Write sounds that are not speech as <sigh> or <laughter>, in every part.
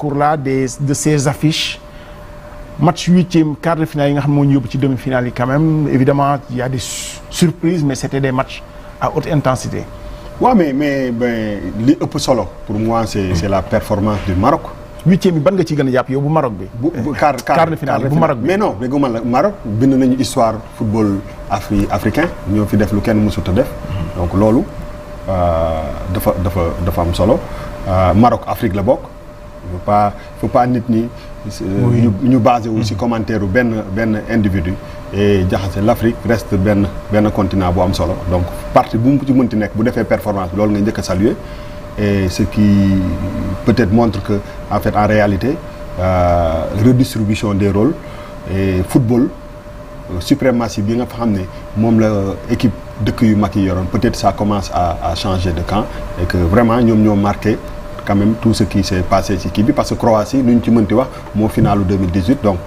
cours la des de ces affiches match huitième quart de finale yi nga xam ne moo ñu yóbbu ci demi-finale yi quand même évidemment il y a des mais c'était des matchs à haute intensité. waaw ouais, mais mais li ëpp solo pour moi c'est hmm. la performance du Maroc. huitième bi ban nga ci gën a jàpp yow bu Maroc bi. bu bu quart quart de finale bu Maroc bi mais non dégg nga la Maroc bind nañu histoire football afri africain ñoo fi def lu kenn mësut def. Hmm. donc loolu euh, dafa dafa dafa am solo euh, Maroc Afrique la bokk. pas faut pas nit ñi. ñu ñu basé wu si mm. commentaire benn benn individu. et jaxase l' Afrique reste benn benn continent bu am solo donc parti bu mu ci mënti nekk bu defee performance loolu nga njëkk a saluer et ce qui peut-être montre que en fait en réalité euh, redistribution des rôles et football euh, suprématie bi nga fa xam ne moom la équipe dëkk yu mag yi yoroon peut-être ça commence à à changer de camp et que vraiment ñoom ñoo marqué. quand même tout kii bi parce que Croatie lu ñu ci mënti wax moo finalu 2018 donc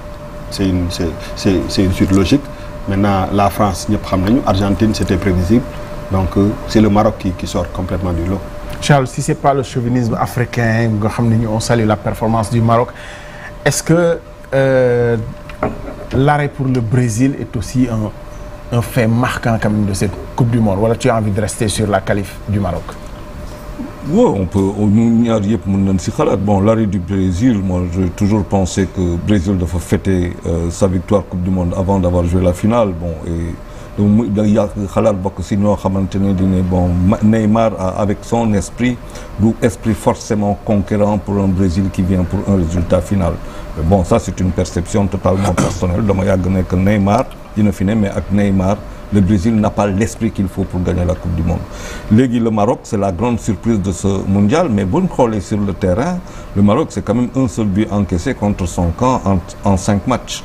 c'est une c'est c'est c'est une suite logique maintenant la France ñëpp xam nañu Argentine c'était prévisible donc euh, c'est le Maroc qui qui sort complètement du lot. Charles si c'est pas le chauvinisme africain nga xam ne ñu on salue la performance du Maroc est-ce que euh, l'arrêt pour le Brésil est aussi un un fait marquant quand même wala tu as envie la qualif du Maroc. waaw on peut ñu ñaar yëpp mën nañ si xalaat bon l'arrêt du Brésil moi j'ai toujours pensé que Brésil dafa fêter euh, sa victoire coupe du monde avant d'avoir joué la finale bon et mu da yàq xalaat bokk si ñoo xamante ne dine bon Neymar avec son esprit du esprit forcément conquérant pour un Brésil qui vient pour un résultat final mais bon ça c'est une perception totalement personnelle dama yàgg nekk Neymar dina fi ne mais ak Neymar le Brésil n'a pas l'esprit qu'il faut pour gagner la Coupe du Monde léegi le Maroc c'est la grande surprise de ce mondial mais bu ñu xoolee sur le terrain le Maroc c'est quand même un seul but encaissé contre son camp en en cinq matchs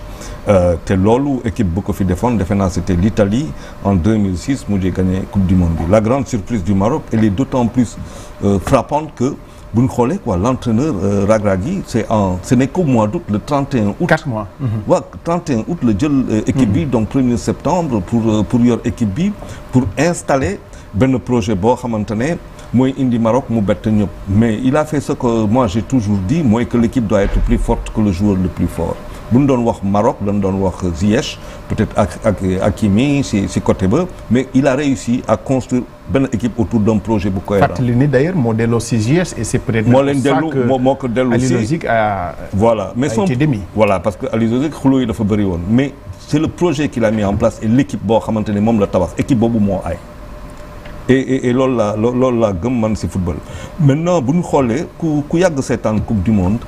Euh, loolu équipe bu ko fi defoon defe naa c'était l'Italie en 2006 mu mujjee gagné Coupe du Monde bi la grande surprise du Maroc elle est d'autant plus euh, frappante que bu ñu xoolee quoi l'entraîneur euh, yi c'est en ce qu'au mois d'août le 31 août. 4 mois. waaw mm-hmm. 31 août la jël euh, équipe bi mm-hmm. donc 1 septembre pour euh, pour yor équipe bi pour installer benn projet boo xamante ne. mooy indi Maroc mu bett ñëpp mais il a fait ce que j'ai toujours dit mooy que l'équipe doit être plus forte que le joueur le plus fort bu ñu doon wax Maroc dañ doon wax Ziyech peut-être ak ak Hakimi si si côté ba mais il a réussi à construire benn équipe autour d'un projet bu cohérent. li ni d'ailleurs moo delloo si Ziyech moo leen dellu moo moo ko dellu si Aliou Lozic voilà mais son voilà parce que Aliou Lozic yi dafa bëri woon mais c'est le projet qu'il a mis en place et l'équipe boo xamante ne moom la tabax équipe boobu moo ay. et loolu laa loolu laa gëm man si football maintenant bu ñu xoolee ku ku yàgg seetaan coupe du monde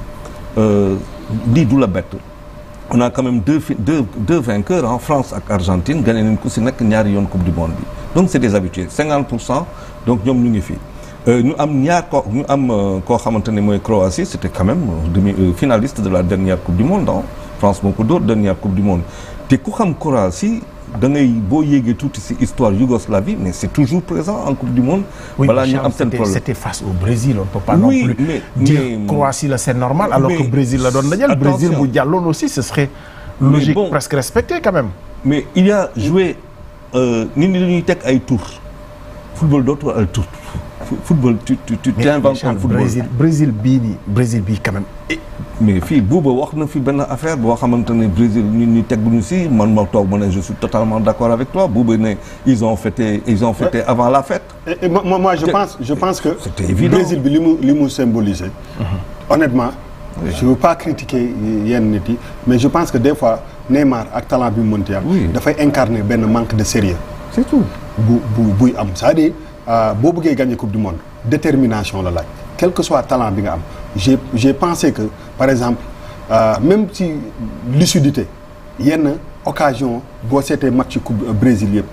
euh, lii du la bett. on a quand même deux deux deux vainqueurs en France ak Argentine gagné nañ ko si nekk ñaari yoon coupe du monde bi donc c' des habitués donc ñoom ñu ngi fi. Euh, ñu am ñaar ko ñu am euh, koo xamante ne mooy Croatie c' était euh, demi finaliste de la dernière coupe du monde ah France moo ko dóor dernière coupe du monde te ku xam Croatie. da ngay boo yéegee tuuti si histoire Yougoslavie mais c'est toujours présent en Coupe du Monde. balaa ñu am seen problème c'était face au Brésil on peut pas non Brésil la doon dajal Brésil bu jàlloon aussi ce serait logique presque respecté quand même mais il y a joué euh, nit ñi dañuy teg ay tour football dootul euh, ay tour football tu tu Brésil bii nii Brésil bii quand eh, mais fii Bouba wax na fi benn affaire boo xamante ne Brésil ñu ñu teg ñu si man ma toog ma ne je suis totalement d'accord avec toi Bouba ne ils ont fêté eh, avant la fête. et eh, je pense que. c'était évident Brésil bi li mu li mu symbolisé. Uh-huh. honnêtement. je pas critiquer yenn nit yi mais je pense que des fois Neymar ak talent bi mu am. dafay incarner benn manque de sérieux c'est tout buy am cest Euh, boo bëggee gagner coupe du monde détermination la laaj quel que soit talent bi nga am j'ai j'ai pensé que par exemple euh, même si lucidité yenn occasion boo seetee match coupe euh, Brésil yëpp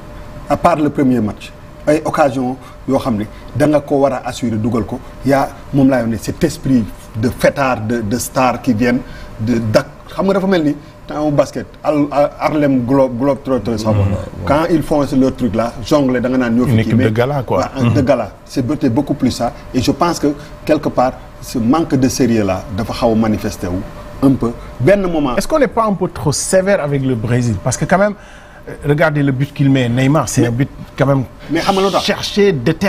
à part le premier match ay occasion yoo xam ne da nga ko war a assurer dugal ko yaa moom laa yoon ne cet esprit de fêtard de de star qui viennent de dak xam nga dafa mel ni temps au basket Harlem Globe Globetrotters xam nga quand ils font leur truc là jongle da nga naan ñoo fi. équipe de gala quoi mais de mm-hmm. gala c'est beaucoup plus ça et je pense que quelque part ce manque de sérieux la dafa xaw a manifester wu peu benn moment. est-ce qu'on n'est pas un peu trop sévère avec le Brésil parce que quand même. Euh, regardez le but qu'il met Neymar c'est un but quand même. mais xam nga lu tax cherché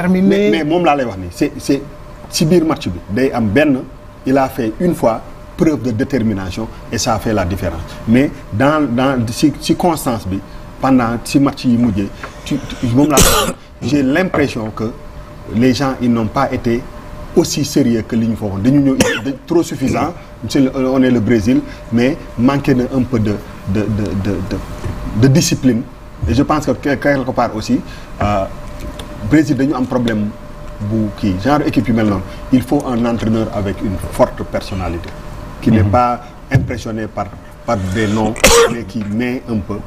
mais moom laa lay wax nii c'est c'est si biir match bi day am benn il a une fois. preuve de détermination et ça fait la différence mais dans dans si ci constance bi pendant si match yi mujjee ci moom la j'ai l'impression que les gens ils n'ont pas été aussi sérieux que li ñu foogoon dañu ñëw trop suffisant on est le Brésil mais manqué na un peu de de de de de, de discipline et je pense que quelque part aussi euh, Brésil daño am problème bu kii genre équipe yu mel noonu il faut en entraîneur avec une forte personnalité qui n'est mhm. pas impressionné par par des noms <coughs> mais qui met un peu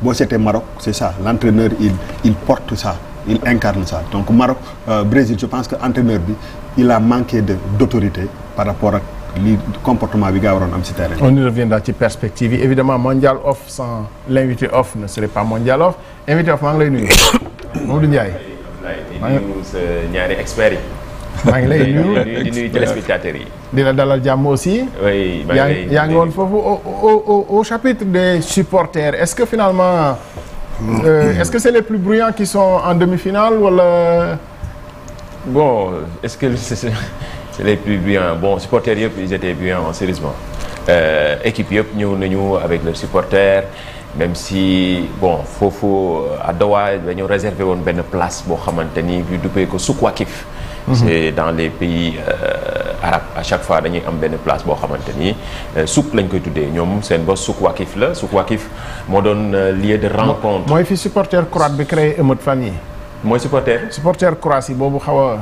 boo seetee Maroc c'est ça l'entraîneur il il porte ça il incarne ça donc Maroc euh, Brésil je pense que entraîneur bi il a manqué de d'autorité par rapport ak li comportement bi nga am si terrain on y reviendra ci perspective yi évidemment mondial off sans l'invité off ne serait pas mondial off invité off maa lay nuyu <coughs> Mamadou Ndiaye maa maa ngi lay nuyu di nuyu yi. dina la dalal jàmm aussi. oui yaa foofu au au chapitre des supporters est-ce que finalement. Euh, est-ce que c'est les plus bruyants qui sont en demi-finale wala. bon est-ce que c'est les plus bruyants bon supporters yëpp ils étaient bruyants sérieusement euh, équipe yëpp ñëw nañu avec leurs supporters même si bon foofu euh, à Doha dañoo réservé woon benn place boo xamante ni ñu duppee ko Soukouakif. Mm-hmm. c'est dans les pays euh, arabes a chaque fois dañuy am benn place boo xamante ni euh, souk lañ koy tuddee ñoom seen bos souk Wakif la souk Wakif moo doon euh, lieu de rencontre. mooy fi supporter croate bi créé émeute fan yi mooy supporter. supporter croate yi boobu xaw a.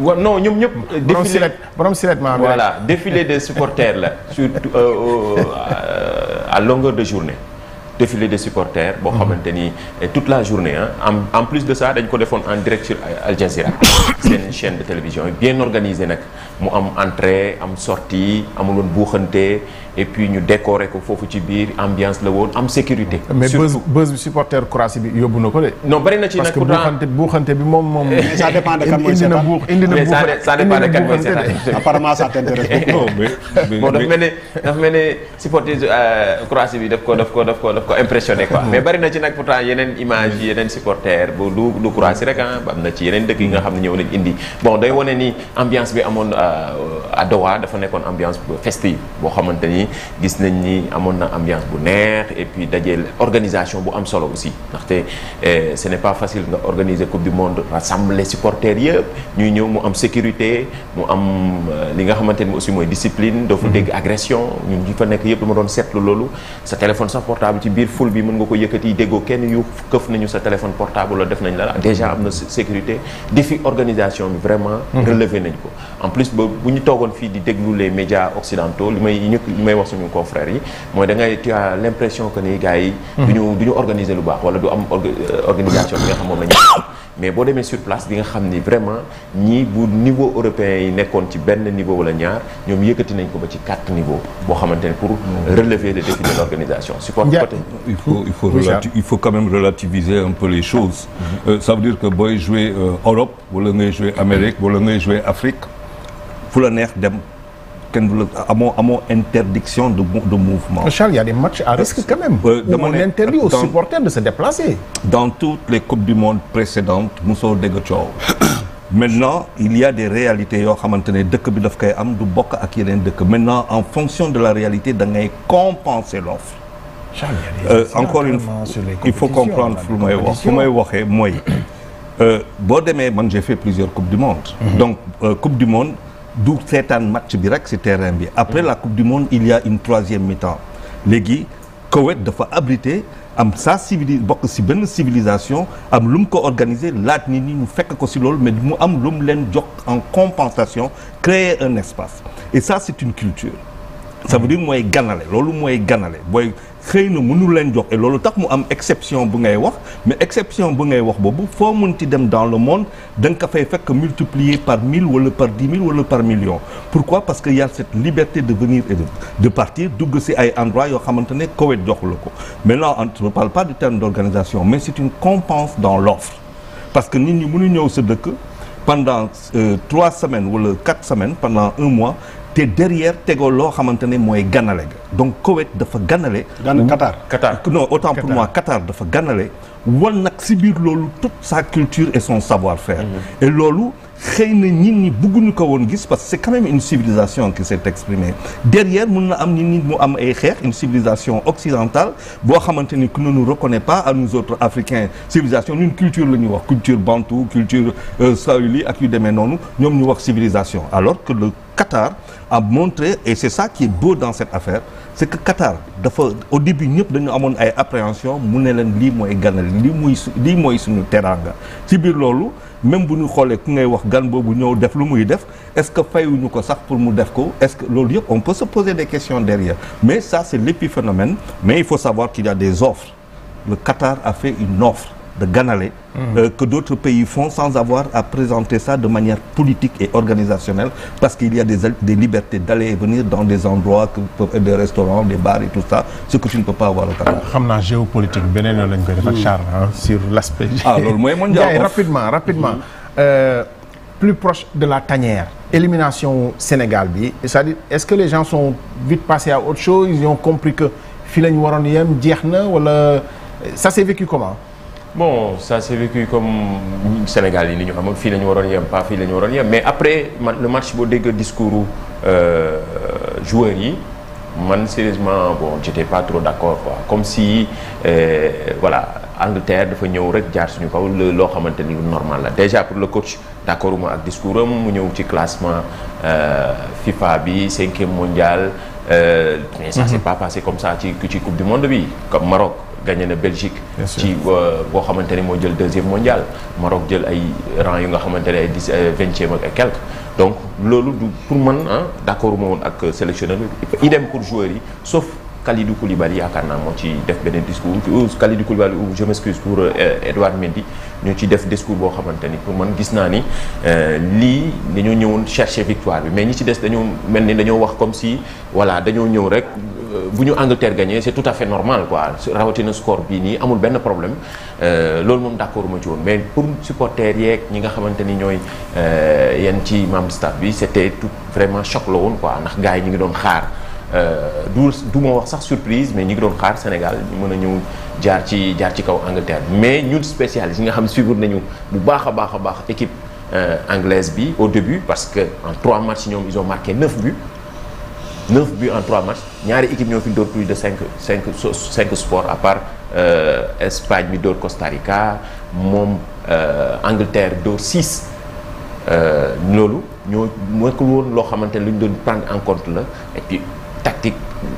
wa non ñoom ñëpp. borom silet borom silet maa voilà défilé de supporters la <laughs> surtout à longueur de journée. défilé des supporters boo mhm. xamante ni toute la journée ah en plus de ça dañ ko defoon en direct sur Al Jazeera <coughs> seen chaîne de télévision bien organisé nag mu am entrée am sortie amul buuxante et puis ñu décorer ko foofu ci biir ambiance la woon am sécurité. mais buzz buzz bi supporter Croatie bi yóbbu na ko de. non bari ci nag pourtant buuxante bi moom moom. <laughs> ça dépend de kan mooy seetaan indi <laughs> <laughs> dafa mel ne dafa mel ne supporter euh, Croatie bi daf ko daf ko daf ko impressionné mais bari na ci nag pourtant yeneen image yeneen supporter bu du du Croatie rek ah am na ci yeneen dëkk yi nga xam ne ñëw nañ indi bon day wane ni ambiance bi amoon euh, à Doha dafa nekkoon ambiance festive boo xamante ni gis nañ ni amoon na ambiance bu neex et puis dajeel organisation bu am solo aussi ndaxte eh, ce n'est pas facile nga organiser coupe du monde rassembler supporters yëpp ñuy ñëw mu am sécurité mu am euh, li nga xamante ni aussi mooy discipline doo fa mm-hmm. dégg agression ñun fa nekk yëpp dama doon seetlu loolu biir foule bi mën nga ko yëkkati déggoo kenn yu këf nañu sa téléphone portable la def nañ la déjà am na sécurité défi organisation bi vraiment mhm. relevé nañ ko en plus ba bu ñu toogoon fii di déglu les média occidentaux li may ñu li may wax suñu confrères yi mooy da ngay tu as l'impression que ni gars yi du ñu du lu baax wala du am euh, organisation bi nga xam moom la mais boo demee sur place di nga xam ni vraiment ñii bu niveau européen yi nekkoon ci benn niveau wala ñaar ñoom yëkkati nañ ko ba ci quatre niveau boo xamante ne pour mhm. relever le défi de l'organisation il faut, il, faut oui, il faut quand même relativiser un peu les choses. mm veut dire que booy jouer euh, Europe wala ngay jouer Amérique wala ngay jouer Afrique fu la neex dem kenn du la amoo amoo interdiction de de mouvement. Charles, il y a à euh, risque quand même. Euh, où on interdit aux supporters de se déplacer. dans toutes les coupes du monde précédentes mosoo dégg coow. <coughs> maintenant il y a des réalités yoo xamante ne dëkk bi daf koy am du bokk ak yeneen dëkk maintenant en fonction de la réalité da ngay compenser l'offre Euh, encore une fois il faut comprendre fu may wax fu may waxee mooy <coughs> euh, boo demee man j'ai fait plusieurs coupes du monde mhm. donc euh, coupe du monde du seetaan match bi rek ci terrain bi après mhm. la coupe du monde il y une troisième mi-temps léegi Koweït dafa abrité am sa bokk ci benn civilisation am lu mu ko organiser laat nit ni ñu fekk ko si loolu mais mu am lu mu leen jox en compensation créer un espace et ça culture ça veut dire mooy ganale loolu mooy ganale booy xëy na mënul leen jox loolu tax mu am exception bu ngay wax mais exception bu ngay wax boobu foo mën mënti dem dans le monde da nga ko fay fekk multiplier par mille wala par dix mille wala par million pourquoi parce que y a cette liberté de venir et de partir dugg si ay endroits yoo xamante ne Koweït joxu la ko maintenant on ne parle pas du terme d'organisation mais c'est une compense dans l'offre parce que nit ñi mënu ñëw sa dëkk pendant euh, trois semaines wala quatre semaines pendant un mois te derrière tegoo loo xamante ne mooy ganale ga donc Koweït dafa ganale. gan Qatar Qatar non autant pour moi Qatar dafa ganale. wan nag si biir loolu toute sa culture et son savoir-faire. Mm-hmm. et loolu. xëy na nit ñi bëgguñu ko woon gis parce que c'est quand même une civilisation qui s'est exprimée derrière mun na am nit ñi mu am ay xeex une civilisation occidentale boo xamante ni que ne nous reconnaît pas a nous autres africains civilisation ñun culture la ñuy wax culture bantou culture euh, saheli ak yu demee noonu ñoom ñu wax civilisation alors que le Qatar a montré et c'est ça qui est beau dans cette affaire c'est que Qatar dafa au début ñëpp dañu amoon ay appréhension mu ne leen lii mooy ganal lii muy lii mooy suñu teraanga ci biir loolu même bu ñu xoolee ku ngay wax gan boobu ñëw def lu muy def est-ce que fayuñu ko sax pour mu def ko est-ce que loolu yëpp on peut se poser des questions derrière mais ça c'est l'épiphénomène mais il faut savoir qu'il y a des offres le Qatar a fait une offre de Ganalais mmh. euh, que d'autres pays font sans avoir à présenter ça de manière politique et organisationnelle parce qu'il y a des, libertés d'aller et venir dans des endroits que, des restaurants des bars et tout ça ce que tu ne peux pas avoir au Qatar beneen lañ koy def ak mmh. Charles sur l'aspect ah loolu mooy mondial rapidement mmh. euh, de la tanière élimination Sénégal bi cest est-ce que les gens sont vite passés à autre chose ils ont compris que fii la ñu waroon yem jeex na wala ça s'est vécu comment bon sa s'est vécu comme Sénégal yi ni ñu xam fii la ñu waroon yem pas fii la ñu waroon yem mais après man le match boo dégg discours euh, joueurs yi man sérieusement bon j'étais pas trop d'accord quoi comme si euh, voilà Angleterre dafa ñëw rek jaar suñu kaw loo xamante ni lu normal la déjà pour la coach d'accord uma ak discours am mu ñëw ci classement euh, FIFA bi cinquième mondial euh, mais ça mm -hmm. s'est pas passé comme ça ci ci coupe du monde bi comme Maroc gagné na Belgique. ci euh, boo xamante ne moo jël deuxième mondial. Maroc jël ay rang yu nga xamante ne ay dix euh, vingtième ak ay quelque donc loolu du pour man ah d' accord ma woon ak sélectionneur bi idem pour joueurs yi sauf. Kalidou Koulibaly yaakaar naa moo ci def beneen discours Kalidou Koulibaly euh, def discours boo xamante ni pour man gis naa ni lii dañoo ñëwoon chercher victoire bi mais ñi ci des dañoo mel ni dañoo wax comme si voilà dañoo ñëw rek bu ñu Angleterre gagné c'est tout à fait normal quoi rawatina score bii nii amul benn problème euh, loolu moom d'accord ma ci woon mais pour supporters yeeg ñi nga xamante ni ñooy euh, yenn ci membre staff bi c'était tout vraiment choc la woon quoi ndax gars yi ñu ngi doon xaar euh, du du ma wax sax surprise mais ñi ngi doon xaar Sénégal mën a ñëw jaar ci jaar ci kaw Angleterre mais ñun spécialiste yi nga xam suivre nañu bu baax a baax a baax équipe anglaise bi au début parce que en trois matchs ñoom ils ont marqué neuf buts. 9 bi en 3 matchs ñaari équipe ñoo fi dóor plus de 5 5 5 sports à part euh, Espagne mi dóor Costa Rica moom euh, Angleterre dóor 6 euh, loolu ñoo nekkul woon loo xamante ne lu ñu doon prendre en compte la et puis tactique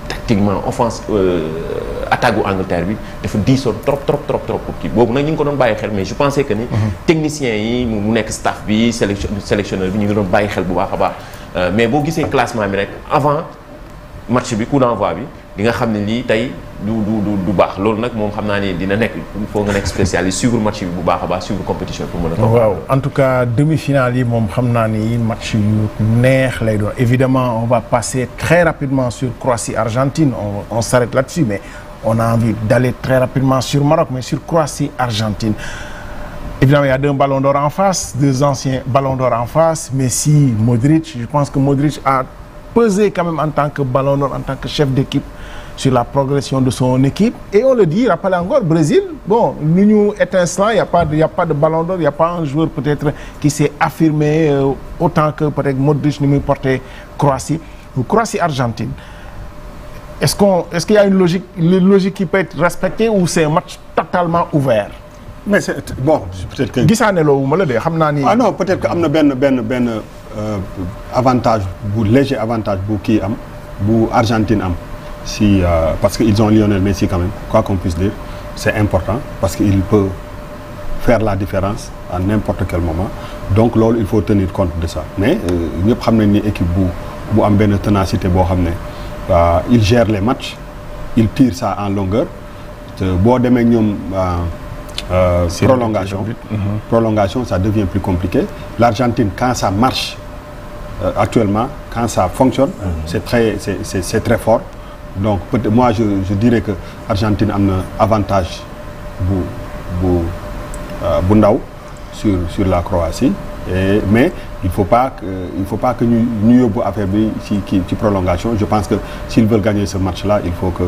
tactiquement offense euh, attaque gu Angleterre bi dafa diisoon trop trop trop trop pour kii boobu nag ñu ngi ko doon bàyyi xel mais je pensais que ni. Mhm. technicien yi mu nekk staff bi sélection sélectionneur bi ñu ngi doon bàyyi xel bu baax a baax. Euh, mais boo gisee classement bi rek avant match bi coup d'envoi bi di nga xam ne lii tey du du du du baax loolu nag moom xam naa ne dina nekk il faut nga nekk spécialiste suivre match bi bu baax a baax suivre compétition bi pour mën a. waaw en tout cas demi-finale yi moom xam naa ni match yu neex lay doon évidemment on va passer très rapidement sur Croatie Argentine on on s'arrête là-dessus mais on a envie d'aller très rapidement sur Maroc mais sur Croatie Argentine. Évidemment, il y a deux ballons d'or en face, deux anciens ballons d'or en face, Je pense que Modric a pesé quand même en tant que ballon en tant que chef d'équipe sur la progression de son équipe. Et on le dit, rappelle encore, Brésil, bon, l'Union étincelant, il n'y a, pas a pas de ballon d'or, n'y a pas un joueur peut-être qui s'est affirmé euh, autant que peut-être Modric ne me portait Croatie. Croatie-Argentine. Est-ce qu'il y a logique, une logique qui peut être respectée ou c'est un match totalement ouvert mais c'est bon peut-être que. gisaane loowu ma la dee xam naa ni. ah non peut-être que am na benn benn benn euh, avantage bu léger avantage bu kii am bu Argentine am si euh, parce que ils ont Lionel Messi quand même quoi qu'on puisse dire c'est important parce que il peut faire la différence en n'importe quel moment donc loolu il faut tenir compte de ça mais euh, ñëpp xam nañ ni équipe bu bu am benn ténacité boo xam ne euh, il gère les matchs il tire ça en longueur boo demee ñoom. euh, prolongation. Mmh. Prolongation, ça devient plus compliqué. L'Argentine, quand ça marche euh, actuellement, quand ça fonctionne, mmh. c'est très, très fort. Donc moi, je, je dirais que l'Argentine a un avantage bu, bu, euh, bu ndaw sur, sur la Croatie. Et, mais il ne faut pas que, il faut pas que bi ci affaiblir si, prolongation. Je pense que s'ils veulent gagner ce match-là, il faut que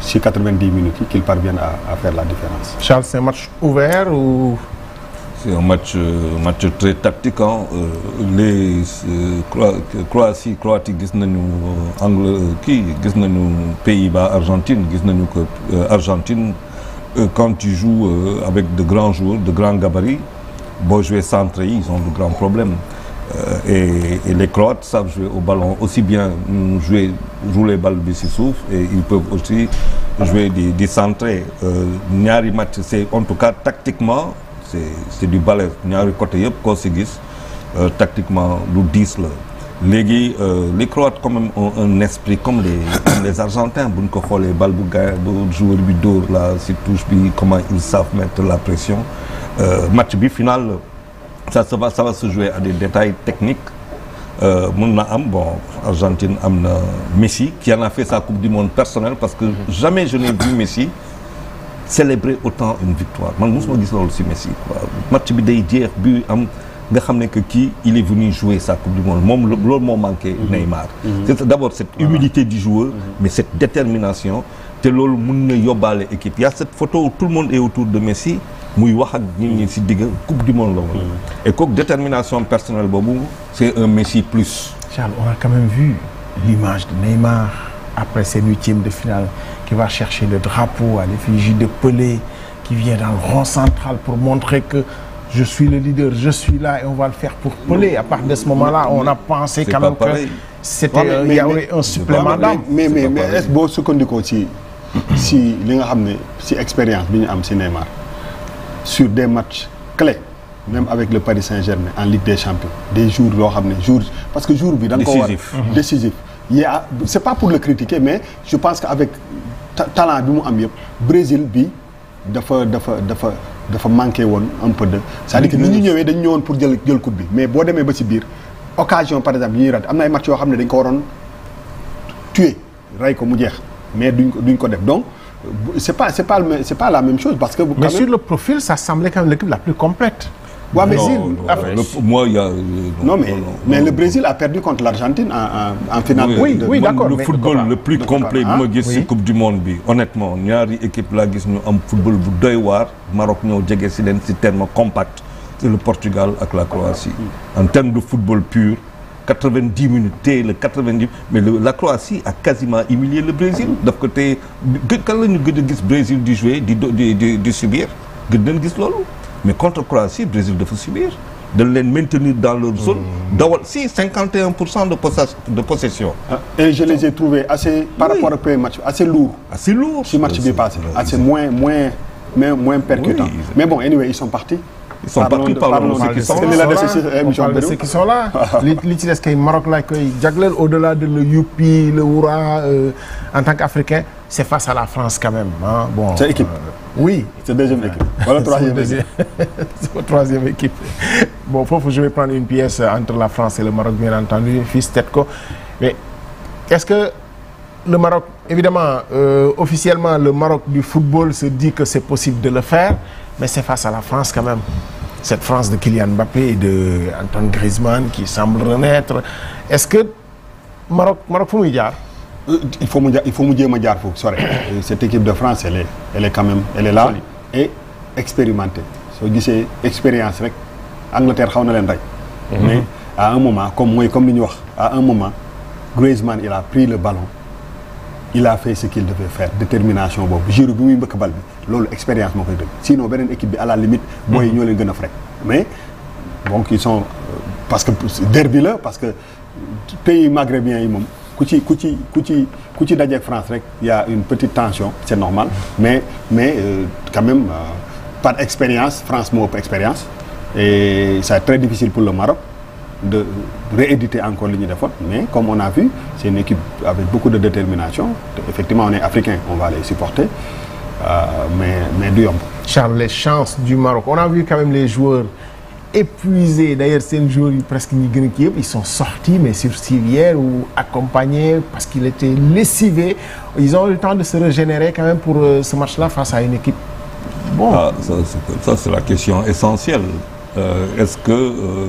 sur 90 minutes qu'ils parviennent à, à, faire la différence. Charles, c'est un match ouvert ou... C'est un match, euh, match très tactique. Hein. Euh, les euh, Cro Croatie, Croatie, euh, Pays-Bas, Argentine, Argentine, quand tu joues avec de grands joueurs, de grands gabarits, bon jouer centré, ils ont Euh, et, et les Croates savent jouer au ballon aussi bien jouer rouler bal bi si suuf et ils peuvent aussi jouer di di centrer euh, ñaari match c'est en tout cas tactiquement c'est du balèze ñaari côté yëpp koo si gis euh, tactiquement lu diis la léegi les Croates quand même ont un esprit comme les les Argentins bu ñu ko xoolee bal bu ga bu joueur bi dóor la si touche bi comment ils savent mettre la pression match bi final ça ça va ça va se jouer à des détails techniques euh, mën na am bon Argentine am na Messi qui en a fait sa coupe du monde personnelle parce que jamais je n'ai vu Messi célébrer autant une victoire man mosuma gis loolu si Messi match bi day jeex bu am nga xam ne que kii il est venu jouer sa coupe du monde moom loolu moo manqué mhm. Neymar mhm. c'est d'abord cette humilité du joueur mhm. mais cette détermination te loolu mën na yóbbaale équipe y a cette photo où tout le monde est autour de Messi muy wax ak nit ñi si digg coupe du monde la woon. Mm. et kooku détermination personnelle boobu c' un Messi plus. Charles on a quand même vu l'image de Neymar après ses huitièmes de finale qui va chercher le drapeau à l'effigie de Pelé qui vient dans le rond central pour montrer que je suis le leader je suis là et on va le faire pour Pelé à partir de ce moment-là mm. on a pensé quand même que c'était euh, il y avait un mais mais mais boo sukkandikoo ci si li nga xam ne si expérience bi ñu am si sur des matchs clés même avec le Paris Saint-Germain en Ligue des Champions des jours yoo xam ne jour parce que jour bi da nga ko war décisif mm-hmm. yaa c'est pas pour le critiquer mais je pense que avec talent bi mu am yëpp Brésil bi dafa dafa dafa dafa manqué woon un peu de c'est-à-dire que ni ñu ñëwee dañ ñëwoon pour jël jël coupe bi mais boo demee ba ci biir occasion par exemple yi ñuy raté am na ay match yoo xam ne dañ ko waroon tuer rey ko mu jeex mais duñ ko duñ ko def donc c'est pas c'est pas c'est pas la même chose parce que. mais sur le profil ça semblait quand même l'équipe la plus complète. Ouais, non, Brésil, non, le, moi, y a, euh, non, non, mais, mais le Brésil a perdu contre l'Argentine en, en, en finale. Oui, de, oui d'accord. Le mais football mais le plus complet bi ma ah, gis si Coupe du Monde bi honnêtement ñaari équipe laa gis ñu am football bu doy waar Maroc ñëw jege si leen si terme compact c'est le Portugal ak la Croatie. en termes de football pur. 90 minutes téye la 90 mais le, la Croatie a quasiment humilié le Brésil daf ko téye kan gis Brésil di jouer di di di di subir gën gis loolu mais contre Croatie Brésil dafa subir dañ leen maintenir dans leur zone. dawal si pour cent de possession de possession. Ah, et je les ai trouvés assez. par assez lourd. assez lourd mais moins percutant mais bon anyway ils sont partis. ils sont partout parlons de ceux qui sont là ah, ah, ah. li li ci des kay Maroc laa koy jagleel au-delà de le youpi le hurrah euh, en tant qu'Africain c'est face à la France quand même ah bon. c'est équipe euh, oui. c'est deuxième équipe wala <laughs> troisième équipe <laughs> c'est troisième équipe bon foofu je vais prendre une pièce entre la France et le Maroc bien entendu fils tête ko mais est-ce que le Maroc évidemment euh, officiellement le Maroc du football se dit que c'est possible de le faire. mais c'est face à la France quand même cette France de Kylian Mbappé et de Antoine Griezmann qui semble renaître est-ce que Maroc Maroc fu muy jaar. Euh, il faut mu jaar il faut mu jéem jaar foog sore. Euh, cette équipe de France elle est elle est quand même elle est là et expérimentée soo gisee expérience rek Angleterre xaw na leen rek mhm. mais à un moment comme mooy comme li ñu wax à un moment Griezmann il la pris le ballon. il a fait ce qu'il devait faire détermination boobu Giroud bi muy mbëkk bal bi loolu expérience moo koy dëgg sinon beneen équipe bi à la limite. booy ñoo leen gën a frais mais donc ils sont euh, parce que derby la parce que pays maghrébiens yi moom ku ci ku ci ku ci ku ci dajeeg France rek y a une petite tension c'est normal mais mais euh, quand même euh, par expérience France moo ëpp expérience et c'est très difficile pour le Maroc. de rééditer encore li ñu defoon mais comme on a vu c'est une équipe avec beaucoup de détermination effectivement on est africain on va les supporter euh, mais mais du yomb. Charles les chances Maroc on a vu les joueurs épuisés d'ailleurs seen joueurs yi presque ñi gën a kii yëpp ils sont sortis mais sur civière ou accompagnés parce qu'il était lessivé ils ont eu le temps de se régénérer quand même pour euh, ce match-là face à une équipe. bon ah, ça, ça c'est la question essentielle euh, est-ce que. Euh,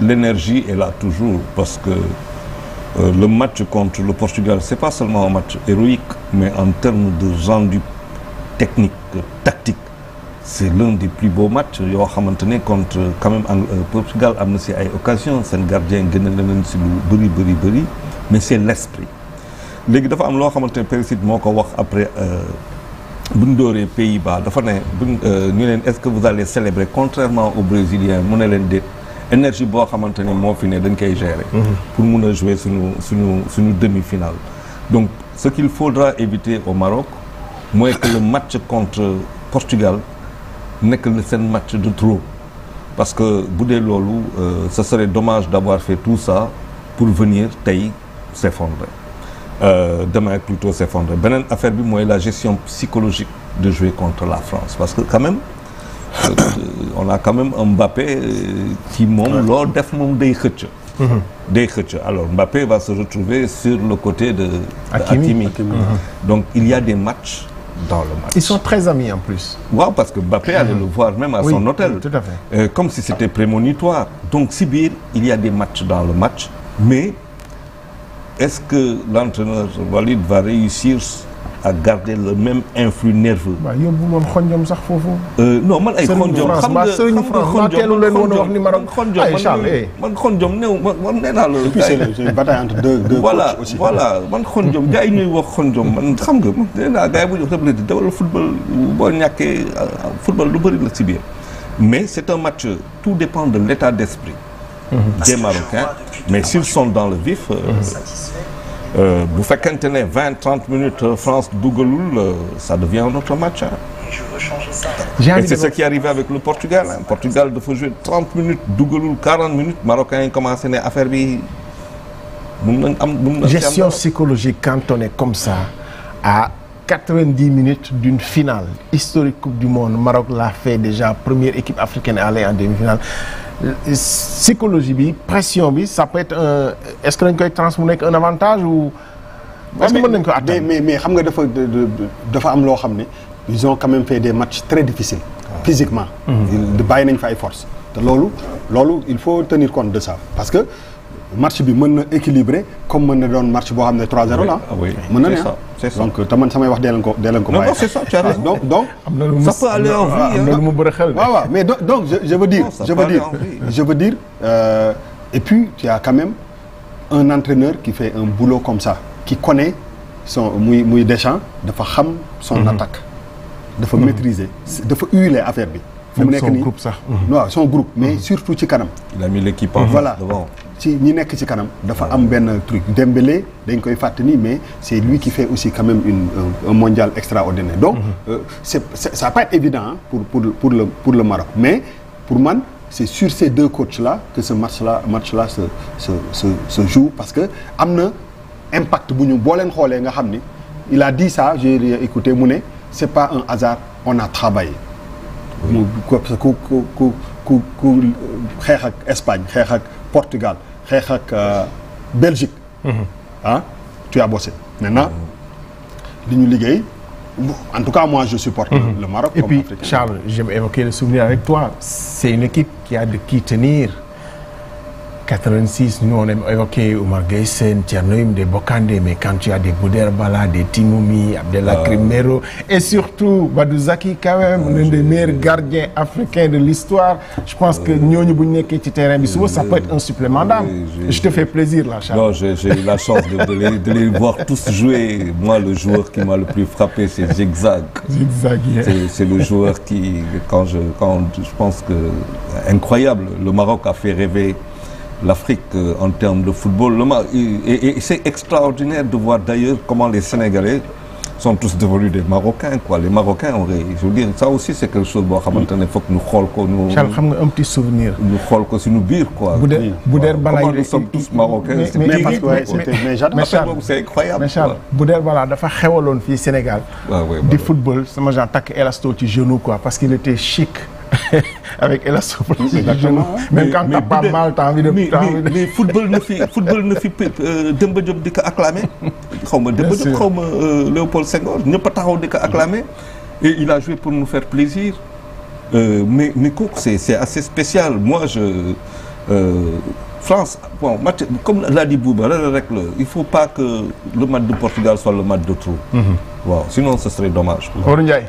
l'énergie est là toujours parce que euh, le match contre le Portugal c'est pas seulement un match héroïque mais en termes de rendu technique tactique c'est l'un des plus beaux matchs yoo xamante ne contre quand même euh, Portugal am na si ay occasion seen gardien gën a leen si lu bëri bëri bëri mais c'est l'esprit léegi dafa am loo xamante ne Perisic moo ko wax après euh, bu ñu dooree Pays-Bas dafa ne bu ñu euh, leen est-ce que vous allez célébrer contrairement aux Brésiliens mu ne leen déet énergie boo xamante ni moo fi ne dañ koy gérer. pour mun a jouer suñu suñu suñu demi-finale. donc ce qu'il faudra éviter au Maroc mooy que le match contre Portugal nekk la seen match de trop parce que bu dee loolu euh, ce serait dommage d'avoir fait tout ça pour venir tey s'effondrer euh, demain plutôt s'effondrer beneen affaire bi mooy la gestion psychologique de jouer contre la France parce que quand même <coughs> on a quand même un Mbappé euh, qui moom loo def moom day xëcc. Mhm. day xëcc alors Mbappé va se retrouver sur le côté de. Hakimi mhm. donc il y a des matchs. dans le match. Ils sont très amis en plus. Waaw parce que Mbappé mhm. allait le voir même à oui, son hôtel. Tout à fait. Euh, comme si c'était prémonitoire. Donc si bien il y a des matchs dans le match mais est-ce que l'entraîneur Walid va réussir ak garder le même influx nerveux. waaw yóbbu moom xonjom sax foofu. Euh, non man ay xonjom xam nga sëriñu France maa a wax ni ma man xonjom néew man nee naa la. et puis c'est une bataille man xonjom gars yi ñuy xonjom man xam nga nee naa gars yi bu ñu wax tamit dawal football boo ñàkkee euh, football lu bëri la ci mais c'est un match tout dépend de l'état d'esprit. Mhm. des Marocains mais s'ils sont dans le vif. Euh, mhm. Euh, bu fekkente ne vingt trente minutes euh, France dugalul euh, ça devient un autre match hein. et c'est ce qui est arrivé avec le Portugal hein. Portugal dafa jouer minutes dugalul quarante minutes Marocains commencé ne affaire bi mun nañ am mun nañ gestion psychologique quand on est comme ça à minutes d'une finale historique Coupe du Monde Maroc l'a fait déjà première équipe africaine à aller en demi-finale Euh, psychologie bi pression bi ça peut être un est-ce que dañ koy est-ce que ko mais mais xam nga dafa dafa am loo xam ne. ils ont quand fait des matchs très difficiles. physiquement. Mhm. bàyyi nañ fa ay force te loolu. loolu il faut tenir compte de ça match bi mën na équilibré comme mën na doon match boo xam ne 3-0 la mën na ne c'est ah. te man samay wax dee leen ko dee leen ko bàyyi. Ah, am na lu mu ça peut aller en vrille am na lu mu bëri xel. waaw waaw mais donc je veux dire. je veux dire je veux dire et puis tu as quand même un entraîneur qui fait un boulot comme ça qui connaît son muy muy Deschamps dafa xam son mhm. attaque. dafa mhm. maitriser dafa huiler affaire bi. fu mu nekk groupe sax. waaw son groupe mais surtout ci kanam. il a mis l'équipe en voilà ci ñi nekk ci kanam. dafa am benn truc Dembélé dañ koy fàttali mais c'est lui qui fait aussi quand même une un mondial extraordinaire donc. Mhm. Euh, c'est ça va pas évident pour pour pour le pour le Maroc mais pour man. c'est sur ces deux coachs là que ce match là match se se joue parce que am na impact bu ñu boo leen xoolee nga xam ni il a dit ça j'ai écouté mu ne c'est pas un hasard on a travaillé ku ku ku ku ku xeex ak xeex ak Portugal xeex ak euh, Belgique. Mhm. ah tu as bossé maintenant li ñu liggéey. en tout cas moi je supporte mhm. le Maroc. comme africain et puis Charles j'aime évoquer le souvenir avec toi c'est une qui a de 86, nous on a évoqué Omar Gaysen, Tchernoïm, des Bokande, mais quand tu as des Bouderbala, des Timoumi, Abdelakrim ah. et surtout Badouzaki, quand même, ah, l'un des meilleurs gardiens africains de l'histoire, terrain Bissou, ça peut être un plaisir, là, Charles. Non, la chance de, de, les, de, les, voir tous le joueur qui m'a Zigzag. quand je, pense que, le Maroc a fait rêver. l'Afrique euh, en termes de football. Le, et, et c'est extraordinaire de voir d'ailleurs comment les Sénégalais sont tous devenus des Marocains quoi les Marocains auraient je veux dire ça aussi c'est chose boo xamante ne foog ñu xool ko. ñu xam nga un petit souvenir. ñu xool ko suñu biir quoi. bu de bu dee balaa nous sommes tous Marocains. mais mais mais mais mais Charles bu dee balaa dafa xewaloon fii Sénégal. di football sama genre takk élasto ci genou quoi parce qu'il était <laughs> avec El Hadj même quand t'as pas mal t'as envie de. mais mais football na fi football na fi euh, Demba Diop di ko acclamé. xaw ma Demba Diop xaw ma euh, Léopold Senghor ñëpp a taxaw di ko acclamé. et il a joué pour nous faire plaisir. Euh, mais mais kooku c'est c'est assez spécial moi je. France bon match comme l'a dit Bouba la rek la il faut pas que le match de Portugal soit le match de trop. Mm-hmm. waaw sinon ce serait dommage. Ndiaye.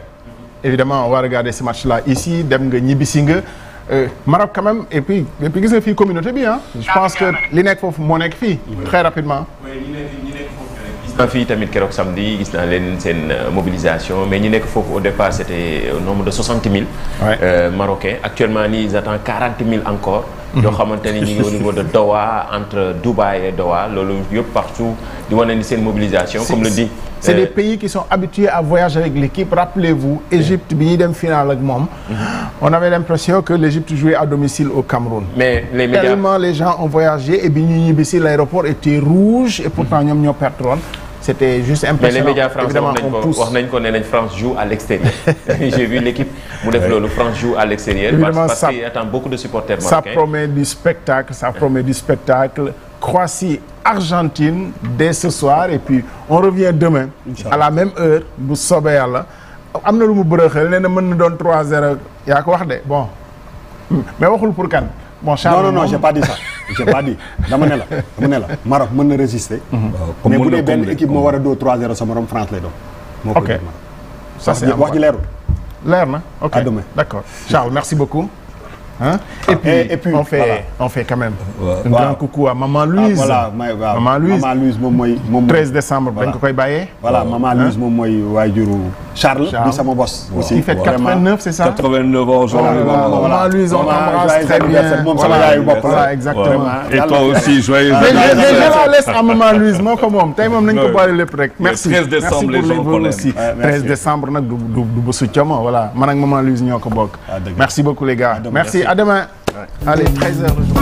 évidemment on va regarder ce match là ici dem nga ñibbisi nga euh, Maroc quand même et puis et gis nga fii communauté bi ah. je pense que li nekk foofu moo nekk fii. très rapidement. ma fii tamit keroog samedi gis naa leen seen euh, mobilisation mais ñi nekk foofu au départ c' était au nombre de 60 000 euh, Marocains actuellement nii ils attendent 40 000 encore mhm. yoo xamante ni ñu au niveau de Doha entre Dubaï et Doha loolu yëpp partout di wane ni seen mobilisation comme le dit c'est euh, des pays qui sont habitués à voyager avec l'équipe rappelez-vous Égypte bi dem finale ak on avait l'impression que l'Égypte jouait à domicile au Cameroun mais les médias tellement les gens ont voyagé et bi ñuy ñibbisi l'aéroport était rouge et pourtant ñoom ñoo pertroon c'était juste impressionnant <laughs> promet du spectacle ça promet du spectacle Croatie Argentine dès ce soir et puis on revient demain à la même heure bu sobe yàlla am na lu mu bërëxal nee na mën na doon trois 0 yaa ko wax de bon mais waxul pour kan bon Charles non non non j'ai pas pas dit dama ne la dama ne la Maroc mën na résister mhm. mais bu dee benn équipe moo war a dóor sa morom France lay doon moo ko wax na ok Charles merci beaucoup Hein? Ah, eh, on fait voilà. on fait quand même. Ouais. un voilà. grand coucou à maman ah, Louise. Ah, voilà ma, maman Louise maman Louise moom mooy. moom 13 décembre dañ ko koy bàyyee. voilà maman moom mooy waajuru. Charles di sama boss. aussi fête 89 c'est ça. 89 ans aujourd'hui. maman Louise on l'embrasse très bien moom sama yaayu bopp la exactement. et toi aussi joyeux anniversaire mais je la laisse à maman tey moom nañu ko boole lépp rek. merci merci pour les aussi. 13 décembre nag du du du voilà man ak maman Louise ñoo ko bokk. merci beaucoup les à demain. Ouais. Allez, 13h le jour.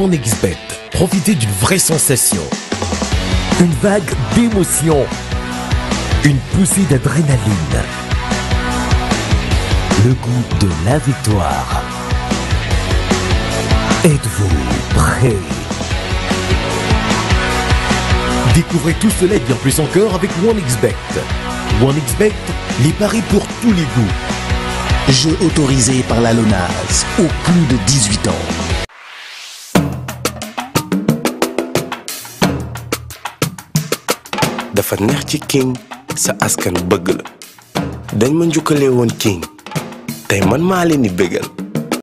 OneXBet, profitez d'une vraie sensation. Une vague d'émotions Une poussée d'adrénaline. Le goût de la victoire. Êtes-vous prêt Découvrez tout cela et plus encore avec OneXBet. OneXBet, les paris pour tous les goûts. Jeu autorisé par la LONAS aux plus de 18 ans. sa askan bëgg la dañ ma njukkalee woon king tey man maa leen di bégal